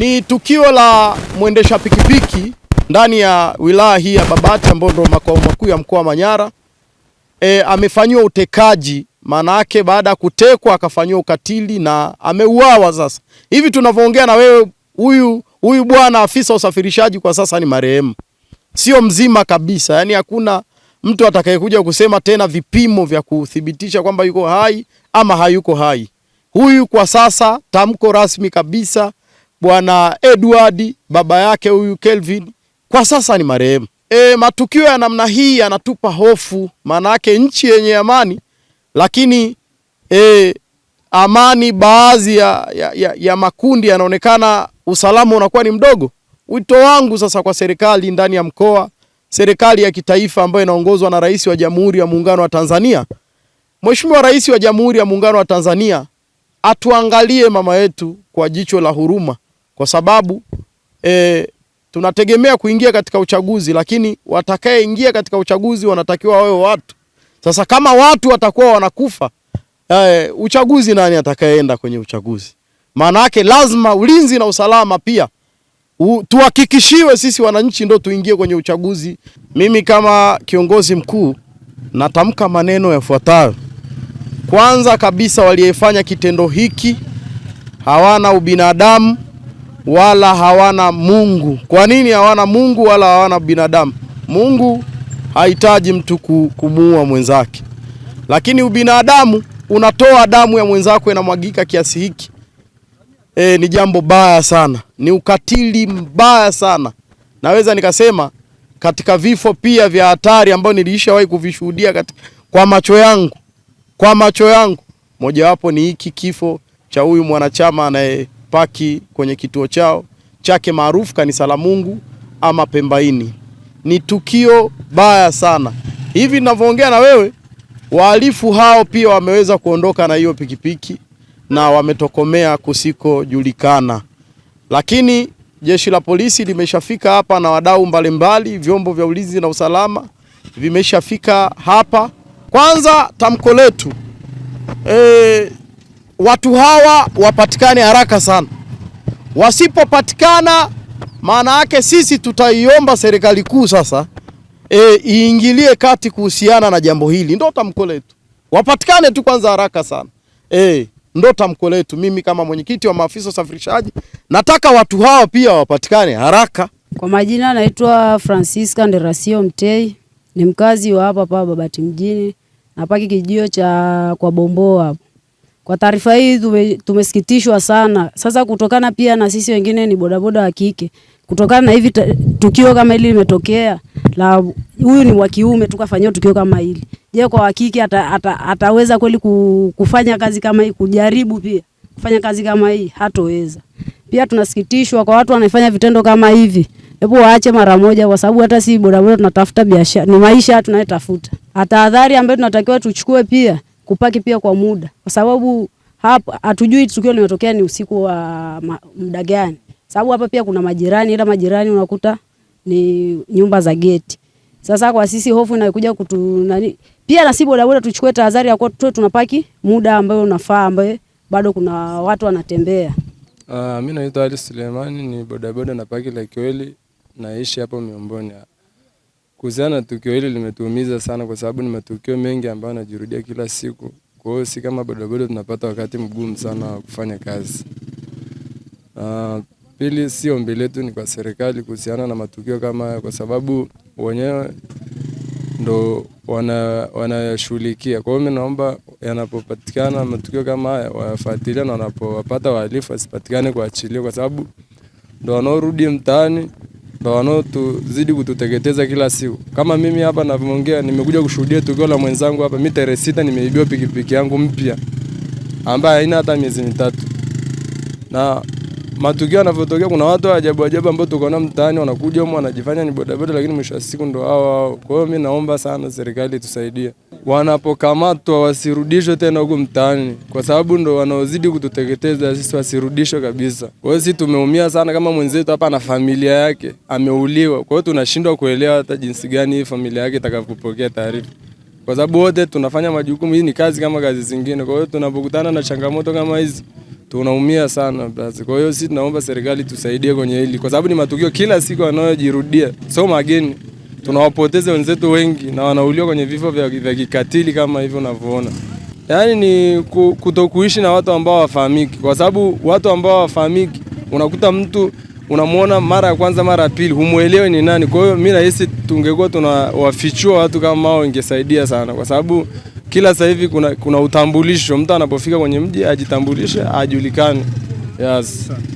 Ni tukio la mwendesha pikipiki ndani ya wilaya hii ya Babati ambayo ndio makao makuu ya mkoa wa Manyara. E, amefanyiwa utekaji, maana yake baada ya kutekwa akafanyiwa ukatili na ameuawa. Sasa hivi tunavyoongea na wewe, huyu huyu bwana afisa usafirishaji kwa sasa ni marehemu, sio mzima kabisa. Yani hakuna mtu atakayekuja kusema tena vipimo vya kuthibitisha kwamba yuko hai ama hayuko hai. Huyu kwa sasa, tamko rasmi kabisa bwana Edward, baba yake huyu Kelvin, kwa sasa ni marehemu. E, matukio ya namna hii yanatupa hofu, maana yake nchi yenye amani, lakini e, amani baadhi ya, ya, ya, ya makundi yanaonekana usalama unakuwa ni mdogo. Wito wangu sasa kwa serikali ndani ya mkoa, serikali ya kitaifa ambayo inaongozwa na Rais wa Jamhuri ya Muungano wa Tanzania, Mheshimiwa Rais wa Jamhuri ya Muungano wa Tanzania atuangalie mama yetu kwa jicho la huruma, kwa sababu e, tunategemea kuingia katika uchaguzi, lakini watakayeingia katika uchaguzi wanatakiwa wawe watu. Sasa kama watu watakuwa wanakufa e, uchaguzi, nani atakayeenda kwenye uchaguzi? Maana yake lazima ulinzi na usalama pia tuhakikishiwe sisi wananchi, ndo tuingie kwenye uchaguzi. Mimi kama kiongozi mkuu natamka maneno yafuatayo. Kwanza kabisa, waliyefanya kitendo hiki hawana ubinadamu wala hawana Mungu. Kwa nini hawana Mungu wala hawana binadamu? Mungu hahitaji mtu kumuua mwenzake, lakini ubinadamu unatoa damu ya mwenzako inamwagika kiasi hiki. E, ni jambo baya sana, ni ukatili mbaya sana. Naweza nikasema katika vifo pia vya hatari ambayo nilishawahi kuvishuhudia kwa macho yangu kwa macho yangu mojawapo ni hiki kifo cha huyu mwanachama anaye paki kwenye kituo chao chake maarufu kanisa la Mungu ama Pembaini. Ni tukio baya sana. Hivi ninavyoongea na wewe, wahalifu hao pia wameweza kuondoka na hiyo pikipiki na wametokomea kusikojulikana, lakini jeshi la polisi limeshafika hapa na wadau mbalimbali, vyombo vya ulinzi na usalama vimeshafika hapa. Kwanza tamko letu e, watu hawa wapatikane haraka sana. Wasipopatikana maana yake sisi tutaiomba serikali kuu sasa e, iingilie kati kuhusiana na jambo hili, ndo tamko letu. Wapatikane tu kwanza haraka sana e, ndo tamko letu. Mimi kama mwenyekiti wa maafisa usafirishaji nataka watu hawa pia wapatikane haraka. Kwa majina naitwa Francisca Nderasio Mtei, ni mkazi wa hapa hapa Babati mjini, napaki kijio cha kwa Bomboa hapo. Kwa taarifa hii tume, tumesikitishwa sana. Sasa kutokana pia na sisi wengine ni bodaboda wa kike, kutokana na hivi tukio kama hili limetokea la huyu ni wa kiume, tukafanyia tukio kama hili. Je, kwa hakika ata, ata, ataweza kweli kufanya kazi kama hii? Kujaribu pia kufanya kazi kama hii hatoweza. Pia tunasikitishwa kwa watu wanaifanya vitendo kama hivi, hebu waache mara moja, kwa sababu hata si bodaboda tunatafuta biashara, ni maisha tunayetafuta. Tahadhari ambayo tunatakiwa tuchukue pia kupaki pia kwa muda, kwa sababu hapa hatujui tukio limetokea ni usiku wa muda gani, sababu hapa pia kuna majirani, ila majirani unakuta ni nyumba za geti. Sasa kwa sisi hofu inakuja kutu nani, pia nasi bodaboda tuchukue tahadhari ya kuwa tunapaki muda ambayo unafaa, ambayo bado kuna watu wanatembea. Uh, ah, mimi naitwa Ali Sulemani, ni bodaboda napaki la kiweli naishi hapo Miomboni. Kuhusiana na tukio hili limetuumiza sana, kwa sababu ni matukio mengi ambayo yanajirudia kila siku. Kwa hiyo si kama bodaboda tunapata wakati mgumu sana wa kufanya kazi. Uh, pili, si ombi letu ni kwa serikali kuhusiana na matukio kama haya, kwa sababu wenyewe ndo wanayashughulikia wana. Kwa hiyo mi naomba yanapopatikana matukio kama haya wayafuatilia, na wanapowapata wahalifu wasipatikane, kuachiliwa kwa sababu ndo wanaorudi mtaani ndo wanaotuzidi kututeketeza kila siku. Kama mimi hapa navyoongea, nimekuja kushuhudia tukio la mwenzangu hapa. mi tarehe sita nimeibiwa pikipiki yangu mpya ambayo haina hata miezi mitatu, na matukio yanavyotokea, kuna watu wa ajabu ajabu ambao tukaona mtaani wanakuja huko wanajifanya ni bodaboda, lakini mwisho wa siku ndo hao hao. Kwa hiyo mimi naomba sana serikali tusaidie wanapokamatwa wasirudishwe tena huko mtaani, kwa sababu ndo wanaozidi kututeketeza sisi, wasirudishwe kabisa. Kwa hiyo sisi tumeumia sana, kama mwenzetu hapa na familia yake ameuliwa. Kwa hiyo tunashindwa kuelewa hata jinsi gani hii familia yake itakapopokea taarifa, kwa sababu wote tunafanya majukumu. Hii ni kazi kama kazi zingine, kwa hiyo tunapokutana na changamoto kama hizi tunaumia sana basi. Kwa hiyo sisi tunaomba serikali tusaidie kwenye hili, kwa sababu ni matukio kila siku yanayojirudia, sio mageni tunawapoteza wenzetu wengi na wanauliwa kwenye vifo vya, vya kikatili kama hivyo unavyoona. Yaani ni kutokuishi na watu ambao hawafahamiki, kwa sababu watu ambao hawafahamiki unakuta mtu unamwona mara ya kwanza, mara ya pili, humwelewi ni nani. Kwa hiyo mimi nahisi tungekuwa tunawafichua watu kama hao, ingesaidia sana, kwa sababu kila sasa hivi kuna, kuna utambulisho. Mtu anapofika kwenye mji ajitambulishe, ajulikane. Yes.